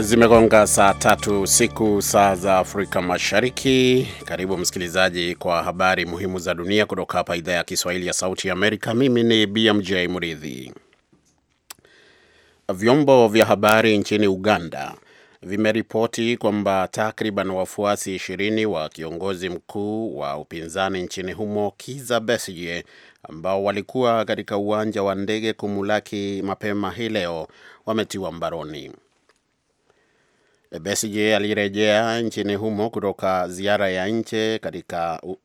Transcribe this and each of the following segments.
Zimegonga saa tatu usiku saa za Afrika Mashariki. Karibu msikilizaji kwa habari muhimu za dunia kutoka hapa idhaa ya Kiswahili ya Sauti ya Amerika. Mimi ni BMJ Muridhi. Vyombo vya habari nchini Uganda vimeripoti kwamba takriban wafuasi ishirini wa kiongozi mkuu wa upinzani nchini humo Kiza Besige, ambao walikuwa katika uwanja wa ndege kumulaki mapema hii leo wametiwa mbaroni. Eh, Besigye alirejea nchini humo kutoka ziara ya nje katika uh,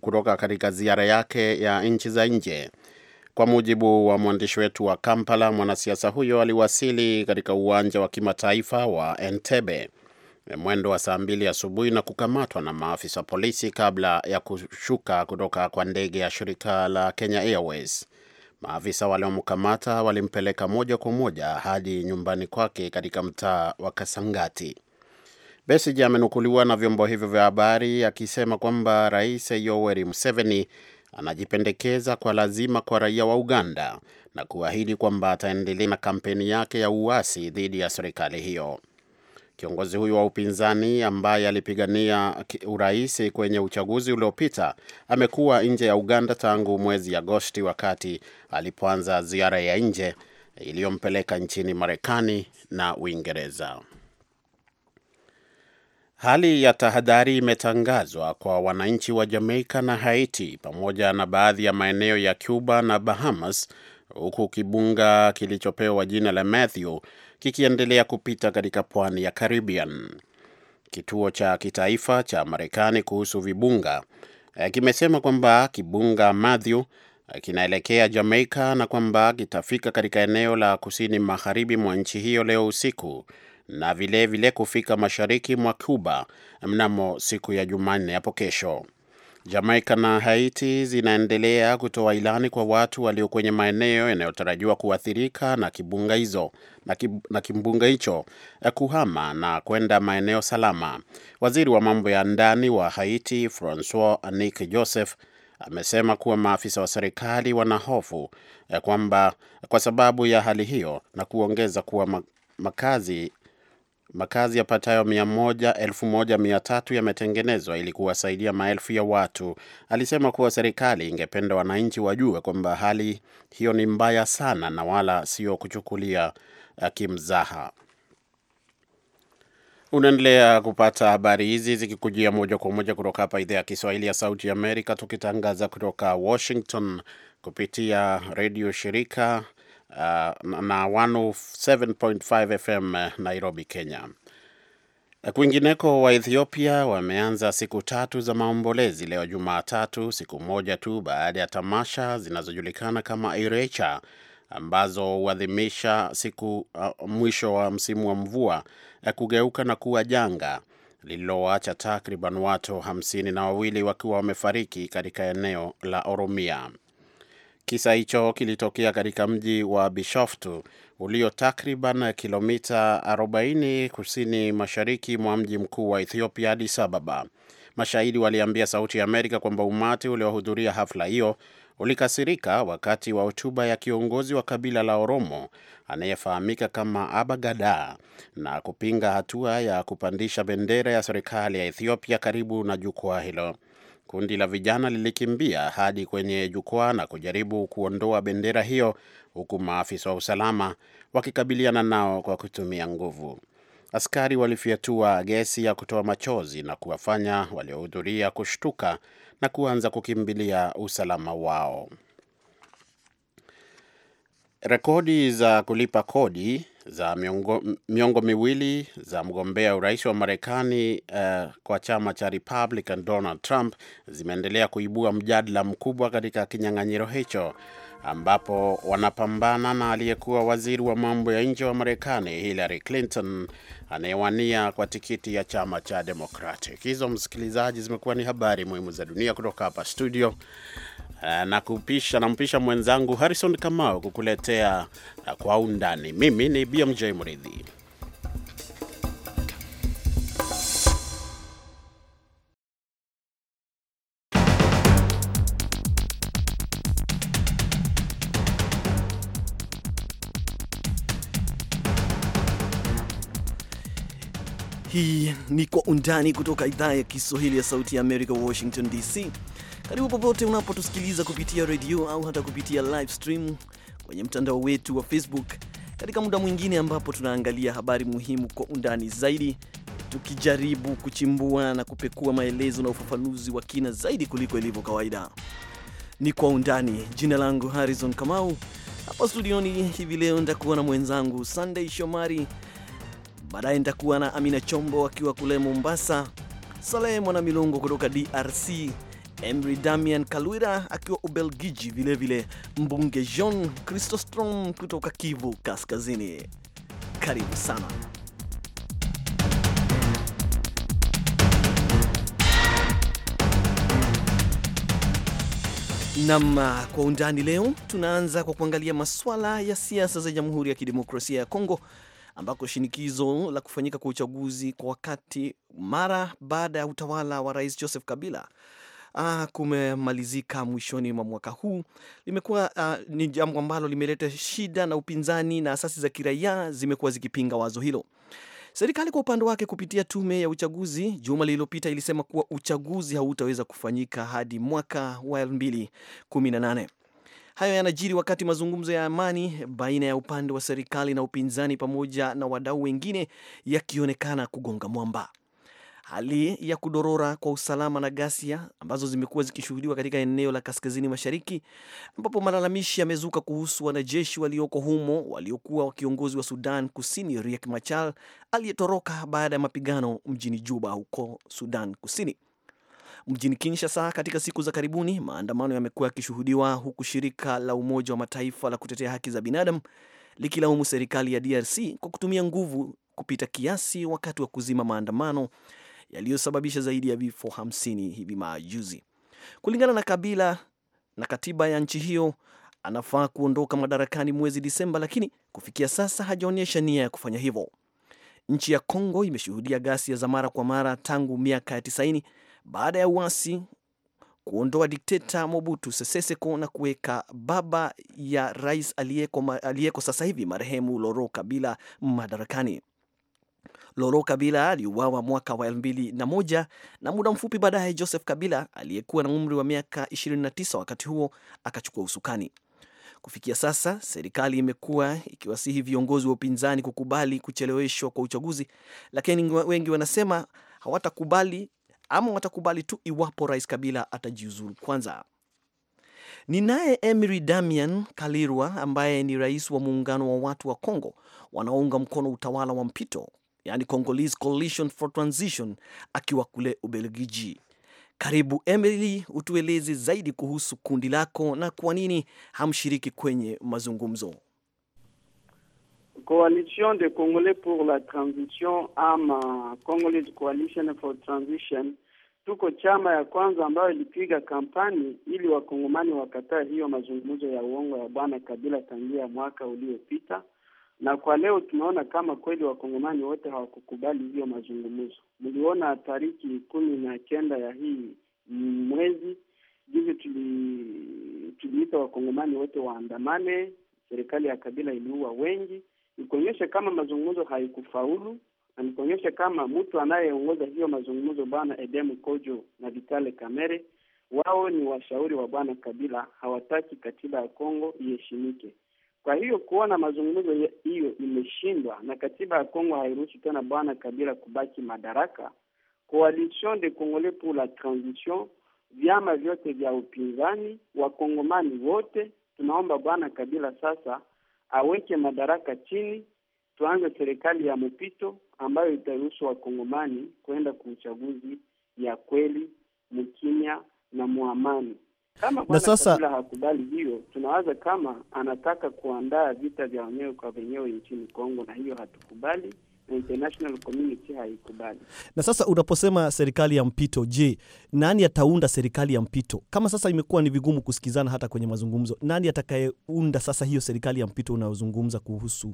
kutoka katika ziara yake ya nchi za nje. Kwa mujibu wa mwandishi wetu wa Kampala, mwanasiasa huyo aliwasili katika uwanja wa kimataifa wa Entebbe eh, mwendo wa saa mbili asubuhi na kukamatwa na maafisa polisi kabla ya kushuka kutoka kwa ndege ya shirika la Kenya Airways. Maafisa waliomkamata walimpeleka moja kwa moja hadi nyumbani kwake katika mtaa wa Kasangati. Besigye amenukuliwa na vyombo hivyo vya habari akisema kwamba Rais Yoweri Museveni anajipendekeza kwa lazima kwa raia wa Uganda na kuahidi kwamba ataendelea na kampeni yake ya uasi dhidi ya serikali hiyo. Kiongozi huyu wa upinzani ambaye alipigania urais kwenye uchaguzi uliopita amekuwa nje ya Uganda tangu mwezi Agosti wakati alipoanza ziara ya nje iliyompeleka nchini Marekani na Uingereza. Hali ya tahadhari imetangazwa kwa wananchi wa Jamaika na Haiti pamoja na baadhi ya maeneo ya Cuba na Bahamas huku kibunga kilichopewa jina la Matthew kikiendelea kupita katika pwani ya Caribbean. Kituo cha kitaifa cha Marekani kuhusu vibunga eh, kimesema kwamba kibunga Matthew eh, kinaelekea Jamaica na kwamba kitafika katika eneo la kusini magharibi mwa nchi hiyo leo usiku na vilevile vile kufika mashariki mwa Cuba mnamo siku ya Jumanne hapo kesho. Jamaika na Haiti zinaendelea kutoa ilani kwa watu walio kwenye maeneo yanayotarajiwa kuathirika na kibunga hizo na, kib, na kimbunga hicho eh, kuhama na kwenda maeneo salama. Waziri wa mambo ya ndani wa Haiti Francois Anik Joseph amesema kuwa maafisa wa serikali wanahofu eh, kwamba kwa sababu ya hali hiyo na kuongeza kuwa makazi makazi yapatayo mia moja elfu moja mia tatu yametengenezwa ili kuwasaidia maelfu ya watu. Alisema kuwa serikali ingependa wananchi wajue kwamba hali hiyo ni mbaya sana na wala sio kuchukulia eh, kimzaha. Unaendelea kupata habari hizi zikikujia moja kwa moja kutoka hapa idhaa ya Kiswahili ya Sauti ya Amerika, tukitangaza kutoka Washington kupitia redio shirika na 107.5 FM Nairobi, Kenya. Uh, kwingineko, wa Ethiopia wameanza siku tatu za maombolezi leo Jumatatu, siku moja tu baada ya tamasha zinazojulikana kama Irecha ambazo huadhimisha siku uh, mwisho wa msimu wa mvua ya uh, kugeuka na kuwa janga lililoacha takriban watu hamsini na wawili wakiwa wamefariki katika eneo la Oromia. Kisa hicho kilitokea katika mji wa Bishoftu ulio takriban kilomita 40 kusini mashariki mwa mji mkuu wa Ethiopia, Addis Ababa. Mashahidi waliambia Sauti ya Amerika kwamba umati uliohudhuria hafla hiyo ulikasirika wakati wa hotuba ya kiongozi wa kabila la Oromo anayefahamika kama Abagada na kupinga hatua ya kupandisha bendera ya serikali ya Ethiopia karibu na jukwaa hilo kundi la vijana lilikimbia hadi kwenye jukwaa na kujaribu kuondoa bendera hiyo, huku maafisa wa usalama wakikabiliana nao kwa kutumia nguvu. Askari walifyatua gesi ya kutoa machozi na kuwafanya waliohudhuria kushtuka na kuanza kukimbilia usalama wao. Rekodi za kulipa kodi za miongo, miongo miwili za mgombea urais wa Marekani uh, kwa chama cha Republican Donald Trump zimeendelea kuibua mjadala mkubwa katika kinyang'anyiro hicho ambapo wanapambana na aliyekuwa waziri wa mambo ya nje wa Marekani Hillary Clinton anayewania kwa tikiti ya chama cha Democratic. Hizo msikilizaji, zimekuwa ni habari muhimu za dunia kutoka hapa studio. Eh, na kupisha nampisha mwenzangu Harrison Kamau kukuletea eh, kwa undani. Mimi ni BMJ Mridhi. Hii ni Kwa Undani kutoka idhaa ya Kiswahili ya Sauti ya Amerika, Washington DC. Karibu popote unapotusikiliza kupitia redio au hata kupitia live stream kwenye mtandao wetu wa Facebook katika muda mwingine ambapo tunaangalia habari muhimu kwa undani zaidi, tukijaribu kuchimbua na kupekua maelezo na ufafanuzi wa kina zaidi kuliko ilivyo kawaida. Ni kwa undani. Jina langu Harrison Kamau, hapa studioni hivi leo nitakuwa na mwenzangu Sunday Shomari, baadaye nitakuwa na Amina Chombo akiwa kule Mombasa, Salehe Mwana Milongo kutoka DRC Emry Damian Kalwira akiwa Ubelgiji, vilevile mbunge Jean Christostrom kutoka Kivu Kaskazini. Karibu sana. Nam kwa undani leo, tunaanza kwa kuangalia masuala ya siasa za Jamhuri ya Kidemokrasia ya Kongo ambako shinikizo la kufanyika kwa uchaguzi kwa wakati mara baada ya utawala wa Rais Joseph Kabila uh, kumemalizika mwishoni mwa mwaka huu limekuwa uh, ni jambo ambalo limeleta shida na upinzani na asasi za kiraia zimekuwa zikipinga wazo hilo. Serikali kwa upande wake kupitia tume ya uchaguzi juma lililopita ilisema kuwa uchaguzi hautaweza kufanyika hadi mwaka wa 2018. Hayo yanajiri wakati mazungumzo ya amani baina ya upande wa serikali na upinzani pamoja na wadau wengine yakionekana kugonga mwamba. Hali ya kudorora kwa usalama na ghasia ambazo zimekuwa zikishuhudiwa katika eneo la kaskazini mashariki, ambapo malalamishi yamezuka kuhusu wanajeshi walioko humo waliokuwa wakiongozi wa Sudan Kusini Riek Machar aliyetoroka baada ya mapigano mjini Juba huko Sudan Kusini. Mjini Kinshasa, katika siku za karibuni, maandamano yamekuwa yakishuhudiwa huku shirika la Umoja wa Mataifa la kutetea haki za binadamu likilaumu serikali ya DRC kwa kutumia nguvu kupita kiasi wakati wa kuzima maandamano yaliyosababisha zaidi ya vifo 50 hivi majuzi. Kulingana na Kabila na katiba ya nchi hiyo, anafaa kuondoka madarakani mwezi Disemba, lakini kufikia sasa hajaonyesha nia ya kufanya hivyo. Nchi ya Kongo imeshuhudia ghasia za mara kwa mara tangu miaka ya 90 baada ya uasi kuondoa dikteta Mobutu Sese Seko na kuweka baba ya rais aliyeko, aliyeko sasa hivi marehemu Loro Kabila madarakani. Loro Kabila aliuawa mwaka wa 2001 na, na muda mfupi baadaye Joseph Kabila aliyekuwa na umri wa miaka 29 wakati huo akachukua usukani. Kufikia sasa serikali imekuwa ikiwasihi viongozi wa upinzani kukubali kucheleweshwa kwa uchaguzi, lakini wengi wanasema hawatakubali ama watakubali tu iwapo Rais Kabila atajiuzuru kwanza. Ni naye Emery Damian Kalirwa ambaye ni rais wa muungano wa watu wa Kongo wanaounga mkono utawala wa mpito yani Congolese Coalition for Transition, akiwa kule Ubelgiji. Karibu Emily, utueleze zaidi kuhusu kundi lako na kwa nini hamshiriki kwenye mazungumzo. Coalition de Congolais pour la Transition ama Congolese Coalition for Transition, tuko chama ya kwanza ambayo ilipiga kampani ili wakongomani wakataa hiyo mazungumzo ya uongo ya bwana Kabila tangia mwaka uliopita na kwa leo tunaona kama kweli wakongomani wote hawakukubali hiyo mazungumzo. Mliona tariki kumi na kenda ya hii mwezi juzi, tuli tuliita wakongomani wote waandamane, serikali ya Kabila iliua wengi, nikuonyesha kama mazungumzo haikufaulu na nikuonyesha kama mtu anayeongoza hiyo mazungumzo bwana Edemu Kojo na Vitale Kamere, wao ni washauri wa bwana Kabila, hawataki katiba ya Kongo iheshimike. Kwa hiyo kuona mazungumzo hiyo imeshindwa na katiba ya Kongo hairuhusu tena bwana Kabila kubaki madaraka, Coalition de Congolais pour la Transition, vyama vyote vya upinzani, wakongomani wote tunaomba bwana Kabila sasa aweke madaraka chini, tuanze serikali ya mpito ambayo itaruhusu wakongomani kwenda kwa uchaguzi ya kweli mkimya na muamani. Kama na sasa hakubali hiyo, tunawaza kama anataka kuandaa vita vya wenyewe kwa wenyewe nchini Kongo, na hiyo hatukubali na international community haikubali. Na sasa unaposema serikali ya mpito, je, nani ataunda serikali ya mpito? Kama sasa imekuwa ni vigumu kusikizana hata kwenye mazungumzo, nani atakayeunda sasa hiyo serikali ya mpito unayozungumza kuhusu?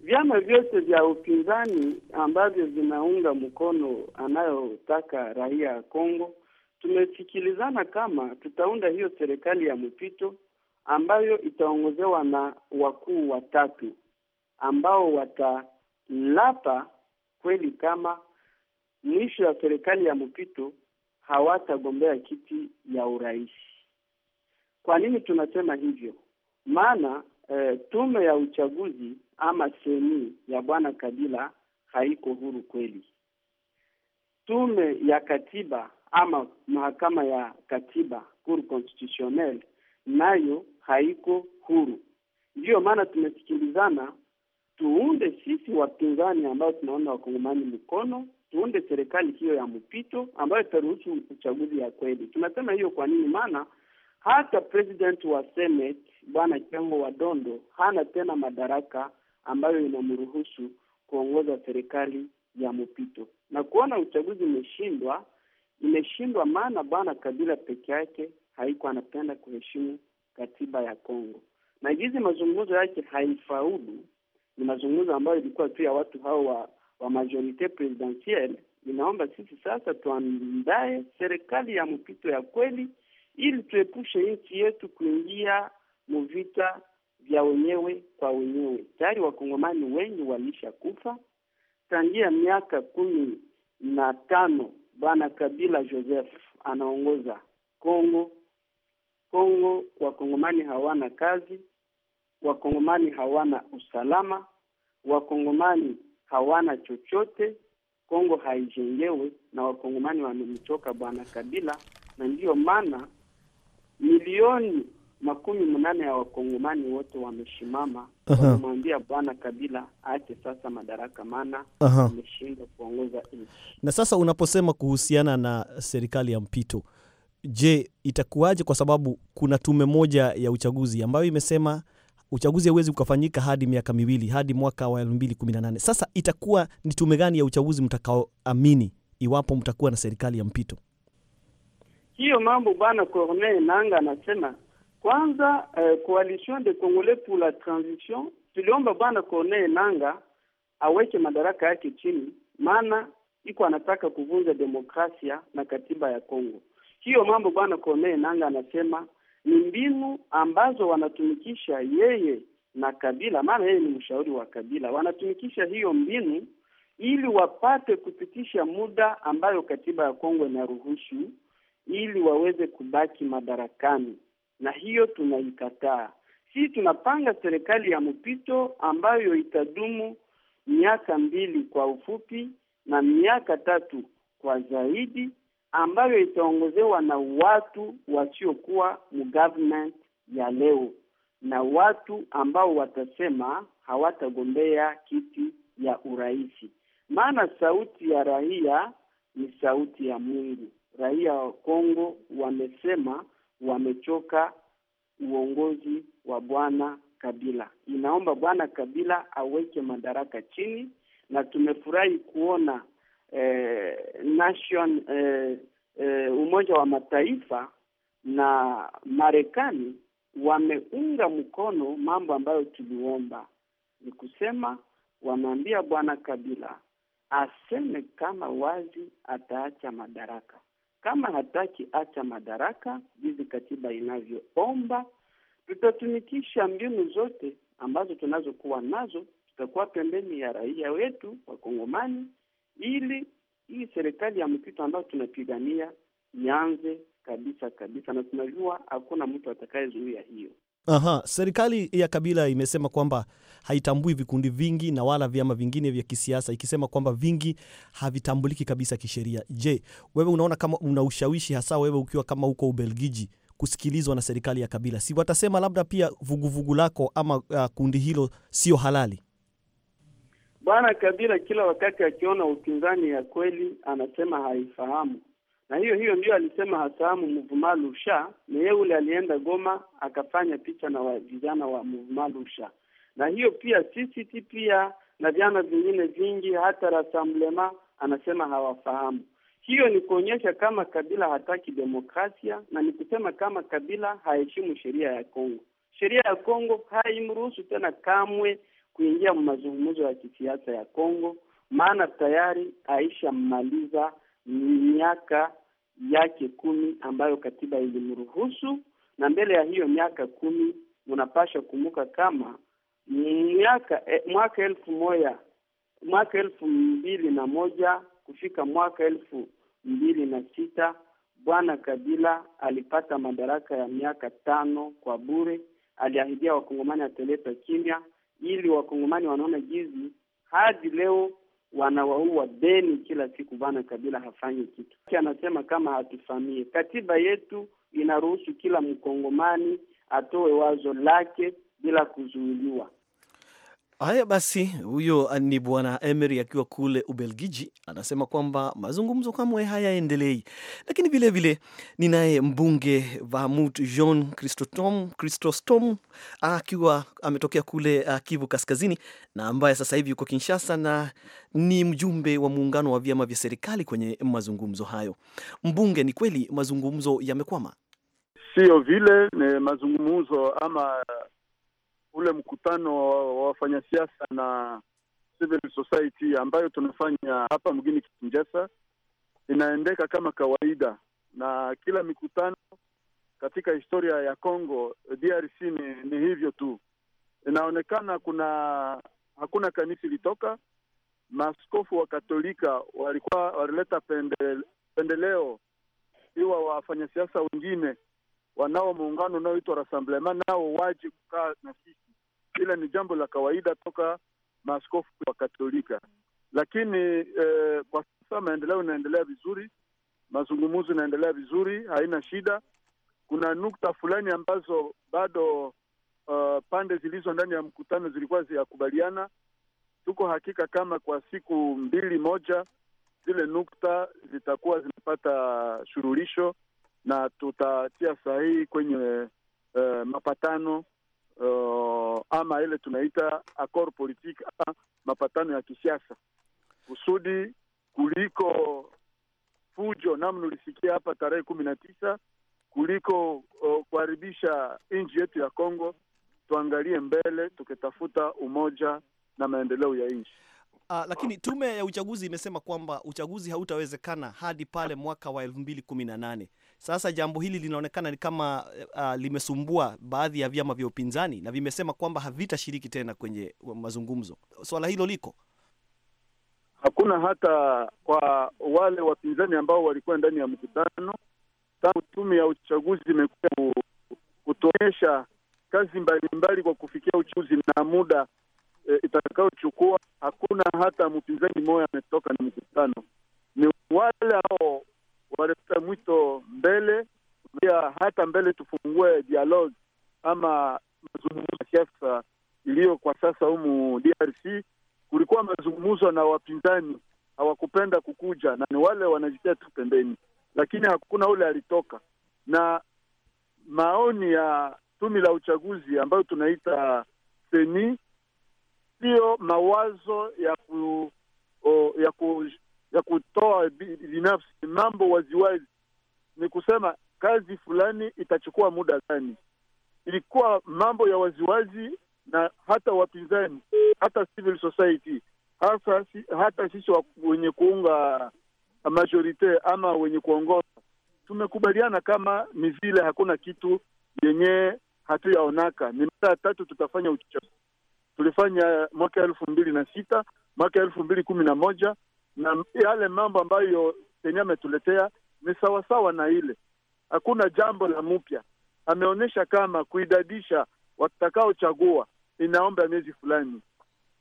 Vyama vyote vya upinzani ambavyo vinaunga mkono anayotaka raia ya Kongo tumesikilizana kama tutaunda hiyo serikali ya mpito ambayo itaongozewa na wakuu watatu ambao watalapa kweli kama mwisho ya serikali ya mpito hawatagombea kiti ya urais. Kwa nini tunasema hivyo? Maana e, tume ya uchaguzi ama seni ya bwana Kabila haiko huru kweli. Tume ya katiba ama mahakama ya katiba Cour Constitutionnelle nayo haiko huru. Ndiyo maana tumesikilizana, tuunde sisi wapinzani ambao tunaona wakongomani mikono, tuunde serikali hiyo ya mpito ambayo itaruhusu uchaguzi ya kweli. Tunasema hiyo kwa nini? Maana hata president wa Senate bwana Kengo wa Dondo hana tena madaraka ambayo inamruhusu kuongoza serikali ya mpito, na kuona uchaguzi umeshindwa imeshindwa, maana bwana Kabila peke yake haiko anapenda kuheshimu katiba ya Kongo, na hizi mazungumzo yake haifaulu. Ni mazungumzo ambayo ilikuwa tu ya watu hao wa, wa majorite presidentielle. Inaomba sisi sasa tuandae serikali ya mpito ya kweli, ili tuepushe nchi yetu kuingia muvita vya wenyewe kwa wenyewe. Tayari wakongomani wengi walisha kufa tangia miaka kumi na tano Bwana Kabila Joseph anaongoza Kongo. Kongo wakongomani hawana kazi, wakongomani hawana usalama, wakongomani hawana chochote. Kongo haijengewe na wakongomani wamemchoka Bwana Kabila, na ndiyo maana milioni makumi mnane ya wakongomani wote wameshimama, wamemwambia Bwana Kabila aache sasa madaraka, maana ameshindwa kuongoza nchi. Na sasa unaposema kuhusiana na serikali ya mpito, je, itakuwaje? Kwa sababu kuna tume moja ya uchaguzi ambayo imesema uchaguzi hauwezi ukafanyika hadi miaka miwili hadi mwaka wa elfu mbili kumi na nane. Sasa itakuwa ni tume gani ya uchaguzi mtakaoamini iwapo mtakuwa na serikali ya mpito? Hiyo mambo bwana Corneille Nanga anasema kwanza eh, Coalition de Congolais pour la Transition tuliomba bwana Corneille Nanga aweke madaraka yake chini, maana iko anataka kuvunja demokrasia na katiba ya Kongo. Hiyo mambo bwana Corneille Nanga anasema ni mbinu ambazo wanatumikisha yeye na Kabila, maana yeye ni mshauri wa Kabila. Wanatumikisha hiyo mbinu ili wapate kupitisha muda ambayo katiba ya Kongo inaruhusu ili waweze kubaki madarakani na hiyo tunaikataa. Sisi tunapanga serikali ya mpito ambayo itadumu miaka mbili kwa ufupi na miaka tatu kwa zaidi, ambayo itaongozewa na watu wasiokuwa mu government ya leo na watu ambao watasema hawatagombea kiti ya urais, maana sauti ya raia ni sauti ya Mungu. Raia wa Kongo wamesema wamechoka uongozi wa bwana Kabila. Inaomba bwana Kabila aweke madaraka chini, na tumefurahi kuona eh, nation eh, eh, Umoja wa Mataifa na Marekani wameunga mkono mambo ambayo tuliomba. Ni kusema wanaambia bwana Kabila aseme kama wazi ataacha madaraka. Kama hataki acha madaraka jinsi katiba inavyoomba, tutatumikisha mbinu zote ambazo tunazokuwa nazo. Tutakuwa pembeni ya raia wetu Wakongomani ili hii serikali ya mpito ambayo tunapigania ianze kabisa kabisa, na tunajua hakuna mtu atakayezuia hiyo. Aha, serikali ya Kabila imesema kwamba haitambui vikundi vingi na wala vyama vingine vya kisiasa ikisema kwamba vingi havitambuliki kabisa kisheria. Je, wewe unaona kama una ushawishi hasa wewe ukiwa kama huko Ubelgiji kusikilizwa na serikali ya Kabila? Si watasema labda pia vuguvugu vugu lako ama uh, kundi hilo sio halali? Bwana Kabila kila wakati akiona upinzani ya kweli anasema haifahamu na hiyo hiyo ndiyo alisema Hassamu Muvumalusha, na yeye ule alienda Goma akafanya picha na wa vijana wa Muvumalusha, na hiyo pia CCT pia na vyama vingine vingi, hata Rassemblement anasema hawafahamu. Hiyo ni kuonyesha kama Kabila hataki demokrasia na ni kusema kama Kabila haheshimu sheria ya Kongo. Sheria ya Kongo haimruhusu tena kamwe kuingia mazungumzo ya kisiasa ya Kongo, maana tayari aishamaliza miaka yake kumi ambayo katiba ilimruhusu, na mbele ya hiyo miaka kumi munapasha kumuka kama miaka eh, mwaka elfu moja mwaka elfu mbili na moja kufika mwaka elfu mbili na sita Bwana Kabila alipata madaraka ya miaka tano kwa bure. Aliahidia wakongomani ataleta kimya, ili wakongomani wanaona jizi hadi leo wanawaua deni kila siku. bana Kabila hafanyi kitu, anasema kama hatufamie katiba yetu inaruhusu kila mkongomani atoe wazo lake bila kuzuiliwa. Haya basi, huyo ah, ni Bwana Emery akiwa kule Ubelgiji, anasema kwamba mazungumzo kamwe hayaendelei. Lakini vilevile ninaye mbunge Vamut Jean Christostom ah, akiwa ametokea kule ah, Kivu Kaskazini na ambaye sasa hivi yuko Kinshasa na ni mjumbe wa muungano wa vyama vya serikali kwenye mazungumzo hayo. Mbunge, ni kweli mazungumzo yamekwama? Sio vile ni mazungumzo ama ule mkutano wa wafanyasiasa na civil society ambayo tunafanya hapa mjini Kinshasa inaendeka kama kawaida, na kila mikutano katika historia ya Congo DRC ni, ni hivyo tu. Inaonekana kuna hakuna kanisa ilitoka, maaskofu wa Katolika walikuwa walileta pendeleo iwa wafanyasiasa wengine wanao muungano unaoitwa Rassemblement nao waje kukaa na sisi. ila ni jambo la kawaida toka maaskofu wa Katolika, lakini eh, kwa sasa maendeleo inaendelea vizuri, mazungumzo inaendelea vizuri, haina shida. Kuna nukta fulani ambazo bado uh, pande zilizo ndani ya mkutano zilikuwa ziyakubaliana. Tuko hakika kama kwa siku mbili moja zile nukta zitakuwa zimepata shurulisho na tutatia sahihi kwenye uh, mapatano uh, ama ile tunaita accord politique ama mapatano ya kisiasa kusudi kuliko fujo namna ulisikia hapa tarehe kumi na tisa kuliko uh, kuharibisha nchi yetu ya Kongo, tuangalie mbele tukitafuta umoja na maendeleo ya nchi. Uh, lakini tume ya uchaguzi imesema kwamba uchaguzi hautawezekana hadi pale mwaka wa elfu mbili kumi na nane. Sasa jambo hili linaonekana ni kama uh, limesumbua baadhi ya vyama vya upinzani na vimesema kwamba havitashiriki tena kwenye mazungumzo. Swala hilo liko hakuna hata kwa wale wapinzani ambao walikuwa ndani ya mkutano. Tangu tume ya uchaguzi imekuja kutuonyesha kazi mbalimbali mbali kwa kufikia uchaguzi na muda e, itakayochukua, hakuna hata mpinzani mmoja ametoka na mkutano. Ni wale ambao waleta mwito mbele, pia hata mbele tufungue dialogue ama mazungumzo ya siasa iliyo kwa sasa humu DRC. Kulikuwa mazungumzo na wapinzani hawakupenda kukuja, na ni wale wanajitia tu pembeni, lakini hakuna ule alitoka na maoni ya tumi la uchaguzi ambayo tunaita seni, siyo mawazo ya ku, o, ya ku, ya kutoa binafsi mambo waziwazi, ni kusema kazi fulani itachukua muda gani. Ilikuwa mambo ya waziwazi, na hata wapinzani, hata civil society, hasa hata sisi wenye kuunga majorite ama wenye kuongoza tumekubaliana kama ni vile hakuna kitu yenye hatuyaonaka. Ni mara ya tatu tutafanya uchaguzi. Tulifanya mwaka elfu mbili na sita, mwaka elfu mbili kumi na moja na yale mambo ambayo Kenya ametuletea ni sawasawa na ile, hakuna jambo la mpya. Ameonyesha kama kuidadisha watakaochagua inaomba miezi fulani,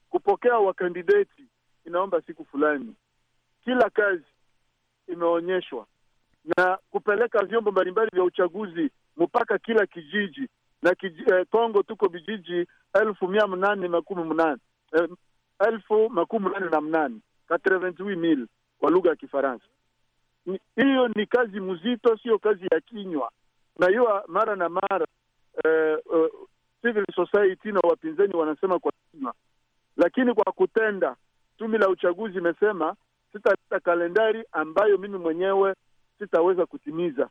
kupokea wakandideti inaomba siku fulani, kila kazi imeonyeshwa na kupeleka vyombo mbalimbali vya uchaguzi mpaka kila kijiji na kiji, eh, Kongo tuko vijiji elfu mia mnane makumi mnane eh, elfu makumi mnane na mnane quatre kwa lugha ya Kifaransa. Hiyo ni, kazi mzito, sio kazi ya kinywa. Na hiyo mara na mara eh, uh, civil society na wapinzani wanasema kwa kinywa, lakini kwa kutenda, tume la uchaguzi imesema sitaleta kalendari ambayo mimi mwenyewe sitaweza kutimiza,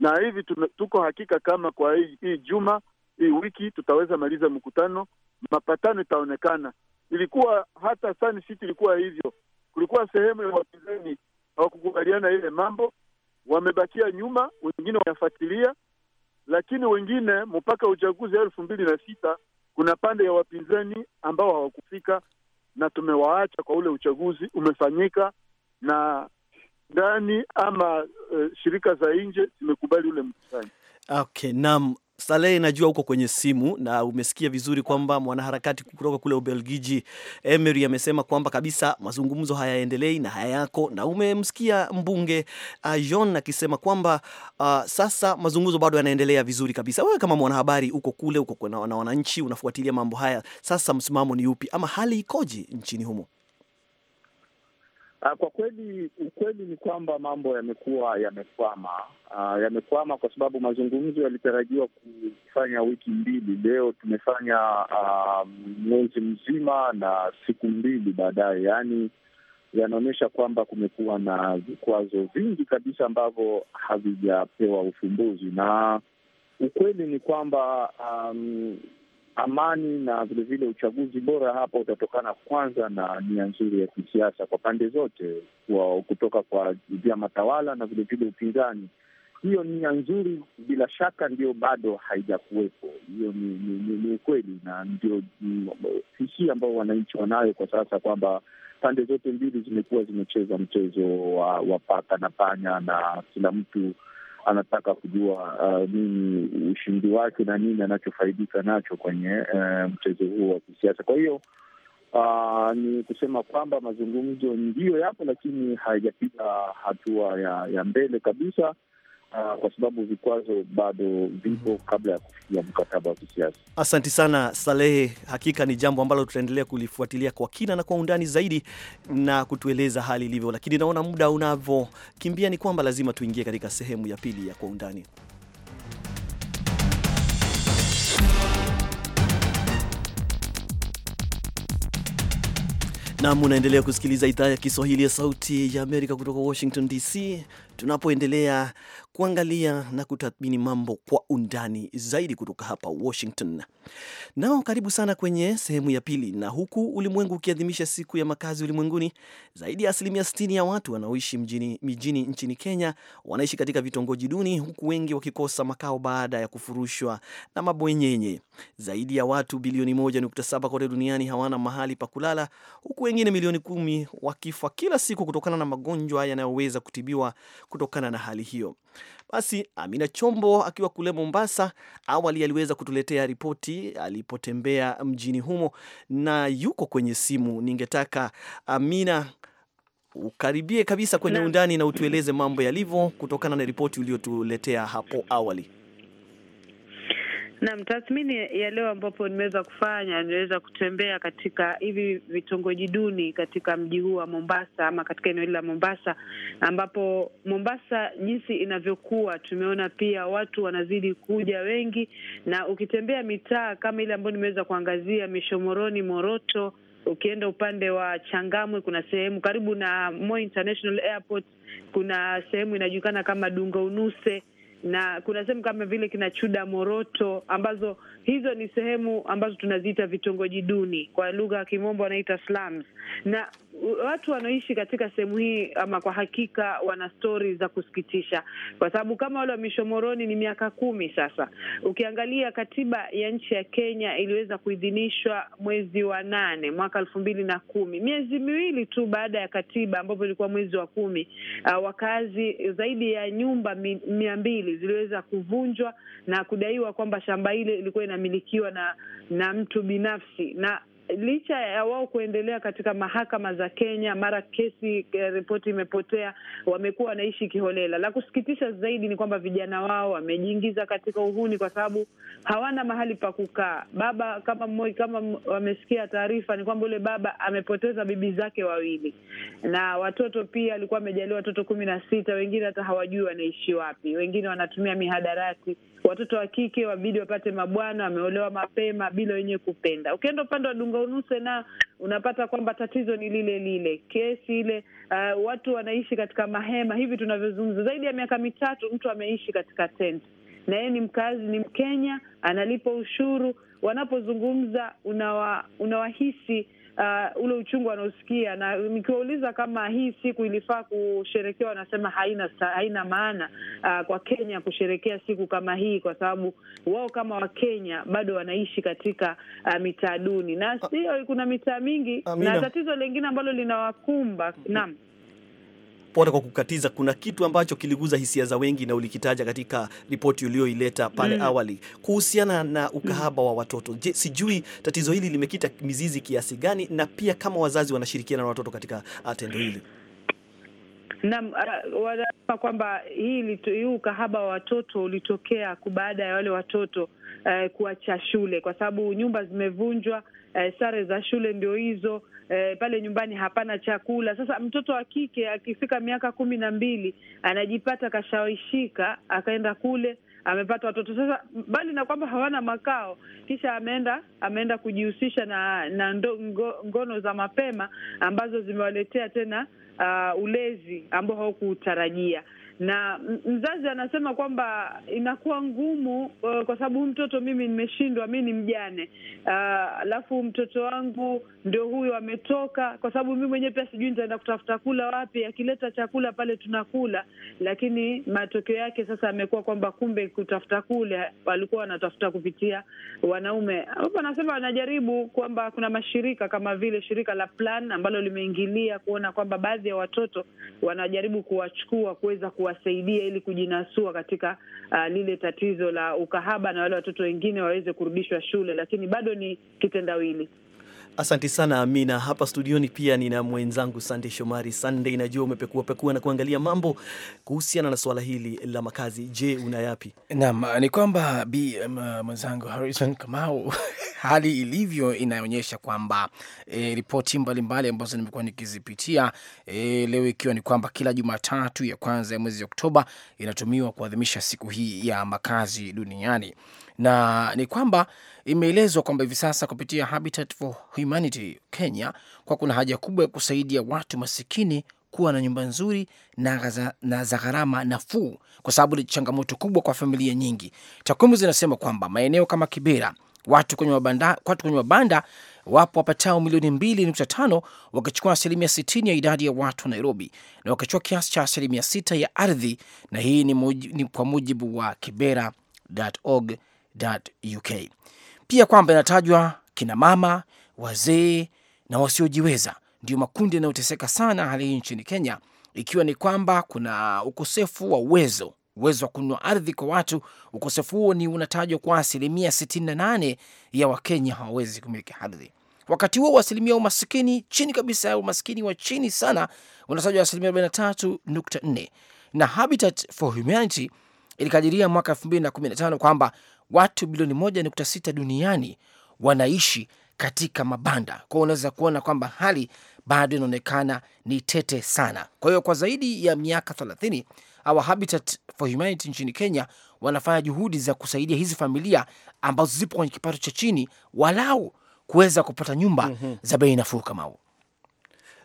na hivi tuko hakika kama kwa hii, hii juma hii wiki tutaweza maliza mkutano, mapatano itaonekana ilikuwa hata Sun City ilikuwa hivyo. Kulikuwa sehemu ya wapinzani hawakukubaliana ile mambo, wamebakia nyuma, wengine wanafuatilia, lakini wengine mpaka uchaguzi wa elfu mbili na sita kuna pande ya wapinzani ambao hawakufika na tumewaacha kwa ule uchaguzi umefanyika na ndani ama uh, shirika za nje zimekubali ule mkusanyi. Okay, naam. Salehe, najua uko kwenye simu na umesikia vizuri kwamba mwanaharakati kutoka kule Ubelgiji Emery amesema kwamba kabisa mazungumzo hayaendelei na hayako, na umemsikia mbunge uh, Jon akisema kwamba uh, sasa mazungumzo bado yanaendelea vizuri kabisa. Wewe kama mwanahabari uko kule, uko na wananchi, unafuatilia mambo haya, sasa msimamo ni upi ama hali ikoje nchini humo? Ah, kwa kweli, ukweli ni kwamba mambo yamekuwa yamekwama, ah, yamekwama kwa sababu mazungumzo yalitarajiwa kufanya wiki mbili. Leo tumefanya uh, mwezi mzima na siku mbili baadaye, yaani yanaonyesha kwamba kumekuwa na vikwazo vingi kabisa ambavyo havijapewa ufumbuzi, na ukweli ni kwamba um, amani na vilevile uchaguzi bora hapa utatokana kwanza na nia nzuri ya kisiasa kwa pande zote, kwa kutoka kwa vyama tawala na vilevile upinzani. Hiyo nia nzuri bila shaka ndio bado haijakuwepo. Hiyo ni, ni, ni, ni ukweli na ndio hisia ambao wananchi wanayo kwa sasa kwamba pande zote mbili zimekuwa zimecheza mchezo wa, wa paka na panya na kila mtu anataka kujua uh, nini ushindi wake na nini anachofaidika nacho kwenye uh, mchezo huo wa kisiasa. Kwa hiyo uh, ni kusema kwamba mazungumzo ndiyo yapo, lakini haijapiga hatua ya, ya mbele kabisa Ah, kwa sababu vikwazo bado vipo mhm. kabla ya kufikia mkataba wa kisiasa. Asanti sana Salehe, hakika ni jambo ambalo tutaendelea kulifuatilia kwa kina na kwa undani zaidi na kutueleza hali ilivyo, lakini naona muda unavyokimbia ni kwamba lazima tuingie katika sehemu ya pili ya kwa undani. Nam, unaendelea kusikiliza idhaa ya Kiswahili ya Sauti ya Amerika kutoka Washington DC tunapoendelea kuangalia na kutathmini mambo kwa undani zaidi kutoka hapa Washington. Nao karibu sana kwenye sehemu ya pili. Na huku ulimwengu ukiadhimisha siku ya makazi ulimwenguni, zaidi ya asilimia 60 ya watu wanaoishi mjini, mijini nchini Kenya wanaishi katika vitongoji duni, huku wengi wakikosa makao baada ya kufurushwa na mabwenyenye. Zaidi ya watu bilioni 1.7 kote duniani hawana mahali pa kulala, huku wengine milioni kumi wakifa kila siku kutokana na magonjwa yanayoweza kutibiwa kutokana na hali hiyo. Basi Amina Chombo akiwa kule Mombasa, awali aliweza kutuletea ripoti alipotembea mjini humo na yuko kwenye simu. Ningetaka Amina ukaribie kabisa kwenye undani na utueleze mambo yalivyo kutokana na ripoti uliotuletea hapo awali. Naam, tathmini ya leo ambapo nimeweza kufanya, nimeweza kutembea katika hivi vitongoji duni katika mji huu wa Mombasa ama katika eneo hili la Mombasa, ambapo Mombasa jinsi inavyokuwa, tumeona pia watu wanazidi kuja wengi, na ukitembea mitaa kama ile ambayo nimeweza kuangazia Mishomoroni, Moroto, ukienda upande wa Changamwe kuna sehemu karibu na Moi International Airport, kuna sehemu inajulikana kama Dunga Unuse na kuna sehemu kama vile kina Chuda Moroto, ambazo hizo ni sehemu ambazo tunaziita vitongoji duni, kwa lugha ya Kimombo wanaita slums, na watu wanaoishi katika sehemu hii ama kwa hakika wana stori za kusikitisha, kwa sababu kama wale wa Mishomoroni ni miaka kumi sasa. Ukiangalia katiba ya nchi ya Kenya iliweza kuidhinishwa mwezi wa nane mwaka elfu mbili na kumi, miezi miwili tu baada ya katiba ambapo ilikuwa mwezi wa kumi. Uh, wakazi zaidi ya nyumba mia mbili ziliweza kuvunjwa na kudaiwa kwamba shamba hile ilikuwa inamilikiwa na na mtu binafsi na licha ya wao kuendelea katika mahakama za Kenya, mara kesi eh, ripoti imepotea, wamekuwa wanaishi kiholela. La kusikitisha zaidi ni kwamba vijana wao wamejiingiza katika uhuni kwa sababu hawana mahali pa kukaa. Baba kama kama wamesikia taarifa ni kwamba yule baba amepoteza bibi zake wawili na watoto pia, alikuwa amejaliwa watoto kumi na sita. Wengine hata hawajui wanaishi wapi, wengine wanatumia mihadarati. Watoto wa kike wabidi wapate mabwana, wameolewa mapema bila wenyewe kupenda. Ukienda upande wa Dungo Bornuse na unapata kwamba tatizo ni lile lile, kesi ile. Uh, watu wanaishi katika mahema hivi tunavyozungumza, zaidi ya miaka mitatu mtu ameishi katika tent na yeye ni mkazi, ni Mkenya, analipa ushuru. Wanapozungumza unawahisi, uh, ule uchungu anaosikia, na nikiwauliza kama hii siku ilifaa kusherekewa, wanasema haina, haina maana uh, kwa Kenya kusherekea siku kama hii, kwa sababu wao kama Wakenya bado wanaishi katika uh, mitaa duni, na sio kuna mitaa mingi, na tatizo lingine ambalo linawakumba naam pole kwa kukatiza, kuna kitu ambacho kiliguza hisia za wengi na ulikitaja katika ripoti ulioileta pale mm. awali kuhusiana na mm. ukahaba mm. wa watoto. Je, sijui tatizo hili limekita mizizi kiasi gani, na pia kama wazazi wanashirikiana na watoto katika ah, tendo hili? Naam, ah, wanasema kwamba hii ukahaba wa watoto ulitokea baada ya wale watoto uh, kuacha shule kwa sababu nyumba zimevunjwa, uh, sare za shule ndio hizo, e, pale nyumbani hapana chakula. Sasa mtoto wa kike akifika miaka kumi na mbili anajipata akashawishika, akaenda kule amepata watoto sasa, mbali na kwamba hawana makao, kisha ameenda ameenda kujihusisha na, na ndo, ngo, ngono za mapema ambazo zimewaletea tena uh, ulezi ambao haukuutarajia na mzazi anasema kwamba inakuwa ngumu uh, kwa sababu mtoto mimi nimeshindwa, mi ni mjane, ah, alafu uh, mtoto wangu ndio huyo ametoka, kwa sababu mi mwenyewe pia sijui nitaenda kutafuta kula wapi. Akileta chakula pale tunakula, lakini matokeo yake sasa amekuwa kwamba kumbe kutafuta kule walikuwa wanatafuta kupitia wanaume. ambapo anasema wanajaribu kwamba kuna mashirika kama vile shirika la Plan ambalo limeingilia kuona kwamba baadhi ya watoto wanajaribu kuwachukua kuweza kuwa kuwasaidia ili kujinasua katika uh, lile tatizo la ukahaba na wale watoto wengine waweze kurudishwa shule, lakini bado ni kitendawili. Asante sana Amina. Hapa studioni pia nina mwenzangu Sandey Shomari. Sandey, najua umepekua pekua na kuangalia mambo kuhusiana na suala hili la makazi. Je, una yapi? Naam, ni kwamba bi um, mwenzangu Harrison Kamau, hali ilivyo inaonyesha kwamba e, ripoti mbalimbali ambazo nimekuwa nikizipitia e, leo ikiwa ni kwamba kila Jumatatu ya kwanza ya mwezi Oktoba inatumiwa kuadhimisha siku hii ya makazi duniani na ni kwamba imeelezwa kwamba hivi sasa kupitia Habitat for Humanity Kenya kwa kuna haja kubwa ya kusaidia watu masikini kuwa na nyumba nzuri na za gharama nafuu, kwa sababu ni changamoto kubwa kwa familia nyingi. Takwimu zinasema kwamba maeneo kama Kibera watu kwenye mabanda, watu kwenye mabanda wapo wapatao milioni mbili nukta tano wakichukua asilimia sitini ya idadi ya watu wa Nairobi na wakichukua kiasi cha asilimia sita ya ardhi, na hii ni, muj, ni kwa mujibu wa Kibera.org uk. Pia kwamba inatajwa kina mama, wazee na wasiojiweza ndiyo makundi yanayoteseka sana hali hii nchini Kenya, ikiwa ni kwamba kuna ukosefu wa uwezo uwezo wa kununua ardhi kwa watu. Ukosefu huo ni unatajwa kwa asilimia 68 ya Wakenya hawawezi kumiliki ardhi. Wakati huo asilimia umaskini chini kabisa, umaskini wa chini sana unatajwa asilimia 43.4, na Habitat for Humanity ilikadiria mwaka 215 kwamba watu bilioni sita duniani wanaishi katika mabanda. Kwa hiyo unaweza kuona kwamba hali bado inaonekana ni tete sana. Kwa hiyo kwa zaidi ya miaka thelathini au Habitat for Humanity nchini Kenya wanafanya juhudi za kusaidia hizi familia ambazo zipo kwenye kipato cha chini walau kuweza kupata nyumba mm -hmm. za bei nafuu kama huu.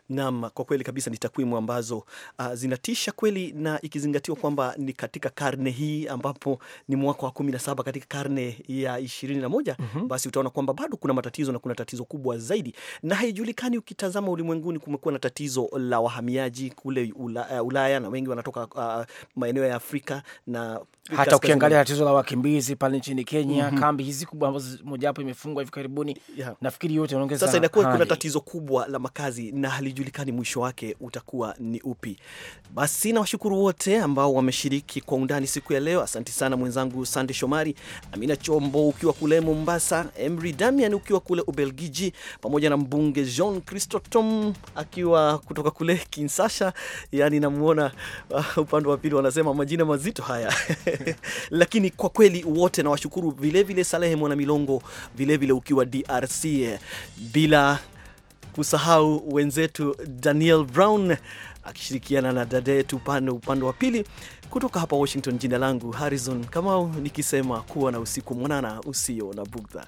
Naam, kwa kweli kabisa ni takwimu ambazo uh, zinatisha kweli, na ikizingatiwa kwamba ni katika karne hii ambapo ni mwaka wa kumi na saba katika karne ya ishirini na moja mm -hmm. Basi utaona kwamba bado kuna matatizo na kuna tatizo kubwa zaidi, na haijulikani. Ukitazama ulimwenguni, kumekuwa na tatizo la wahamiaji kule ula, uh, Ulaya na wengi wanatoka uh, maeneo ya Afrika na hata ukiangalia tatizo la wakimbizi pale nchini Kenya mm -hmm. kambi hizi kubwa ambazo mojawapo imefungwa hivi karibuni yeah. Nafikiri yote unaongeza sasa, inakuwa kuna tatizo kubwa la makazi na hali haijulikani mwisho wake utakuwa ni upi. Basi na washukuru wote ambao wameshiriki kwa undani siku ya leo. Asante sana mwenzangu Sande Shomari, Amina Chombo ukiwa kule Mombasa, Emri Damian ukiwa kule Ubelgiji, pamoja na mbunge Jean Christotom akiwa kutoka kule Kinsasha. Yani namwona uh, ah, upande wa pili wanasema majina mazito haya lakini kwa kweli wote nawashukuru vilevile. Salehe Mwana Milongo vilevile ukiwa DRC eh, bila kusahau wenzetu Daniel Brown akishirikiana na dada yetu tupande upande wa pili kutoka hapa Washington. Jina langu Harrison Kamau nikisema kuwa na usiku mwanana usio na bugdha.